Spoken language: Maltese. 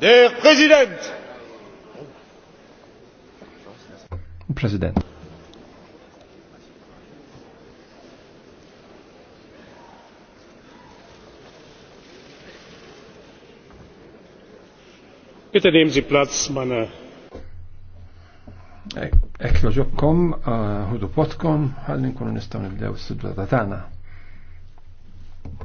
Der Präsident! President. Bitte nehmen Sie Platz, meine. Ek joġobkom, ħudu eh, potkom, għallin kunu nistaw nibdew s-sidra ta' tana.